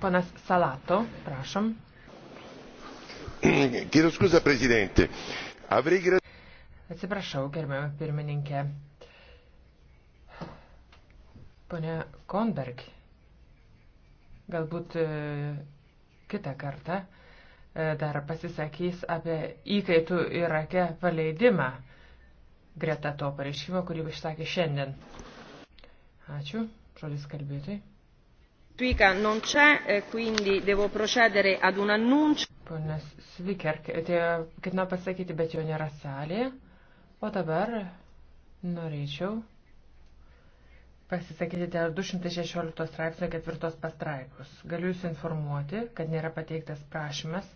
Panas Salato, prašom. Kitos kuza prezidentė. Atsiprašau, gerbiamą pirmininkę. Pone Konberg, galbūt e, kitą kartą e, dar pasisakys apie įkaitų Irake paleidimą greta to pareiškimo, kurį išsakė šiandien. Ačiū, žodis kalbėtojai. Speaker non c'è, eh, quindi devo procedere ad un annuncio. Ponas Sviker, ketina pasakyti, bet jo nėra salėje. O dabar norėčiau pasisakyti dėl 216 straipsnio ketvirtos pastraipos. Galiu Jūs informuoti, kad nėra pateiktas prašymas